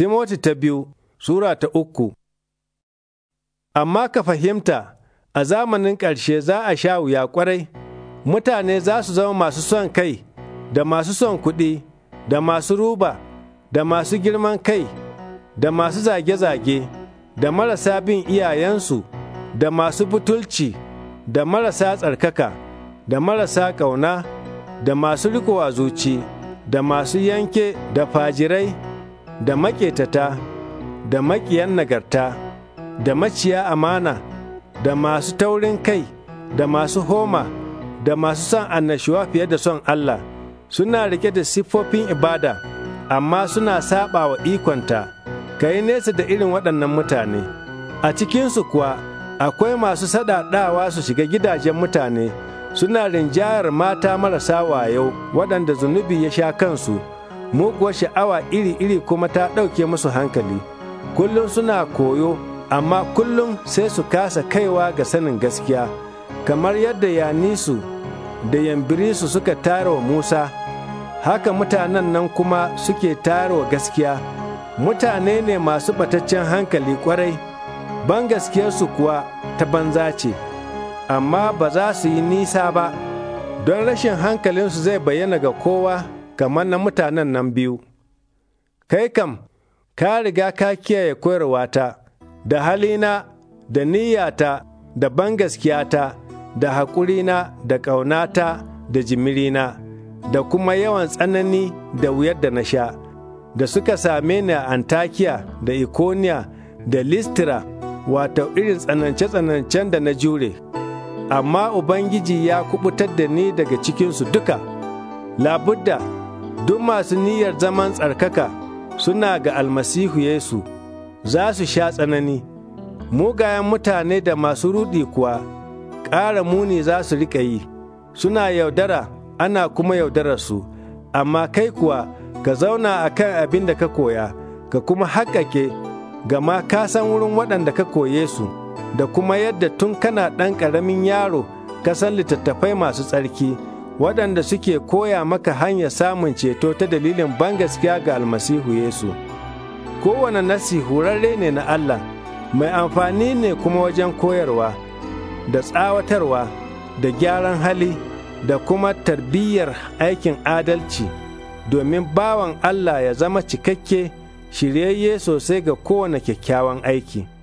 Timoti ta biyu Sura ta uku Amma ka fahimta, a zamanin ƙarshe za a sha wuya ƙwarai, mutane za su zama masu son kai, da masu son kuɗi, da masu ruba, da masu girman kai, da masu zage-zage, da marasa bin iyayensu, da masu butulci, da marasa tsarkaka, da marasa ƙauna, da masu riƙowa zuci, da masu yanke, da fajirai. da maƙetata da maƙiyan nagarta da maciya amana da masu taurin kai da masu homa da masu son annashuwa fiye da son Allah suna rike da siffofin ibada amma suna saba wa ikonta ka yi nesa da irin waɗannan mutane a cikinsu kuwa akwai masu saɗaɗawa su shiga gidajen mutane suna rinjayar mata marasa wayo waɗanda zunubi ya sha kansu muguwar sha'awa iri-iri kuma ta ɗauke musu hankali kullum suna koyo amma kullum sai su kasa kaiwa ga sanin gaskiya kamar yadda yanisu da yambirisu suka tara wa musa haka mutanen nan kuma suke tara wa gaskiya mutane ne masu bataccen hankali kwarai ban gaskiyarsu kuwa ta banza ce amma ba za su yi nisa ba don rashin hankalinsu zai bayyana ga kowa kamar na mutanen nan biyu. Kai kam, ka riga ka kiyaye koyarwata, da halina, da niyyata, da bangaskiyata, da haƙurina, da ƙaunata, da jimirina, da kuma yawan tsanani da wuyar da na sha, da suka same ni a Antakiya, da Ikoniya, da Listira, wato irin tsanance-tsanancen da na jure. Amma Ubangiji ya kubutar da ni daga cikinsu duka, labudda. duk masu niyyar zaman tsarkaka suna ga almasihu Yesu za su sha tsanani, mugayen mutane da masu ruɗi kuwa ƙara muni za su riƙa yi, suna yaudara ana kuma su amma kai kuwa ka zauna a kan abin da ka koya, ka kuma haƙaƙe gama ka san wurin waɗanda ka koye su, da kuma yadda tun kana ɗan ƙaramin yaro ka san littattafai masu tsarki. waɗanda suke koya maka hanyar samun ceto ta dalilin bangaskiya ga almasihu Yesu. Kowane nasi hurarre ne na Allah, mai amfani ne kuma wajen koyarwa, da tsawatarwa, da gyaran hali, da kuma tarbiyyar aikin adalci, domin bawan Allah ya zama cikakke, shiryayye sosai ga kowane kyakkyawan aiki.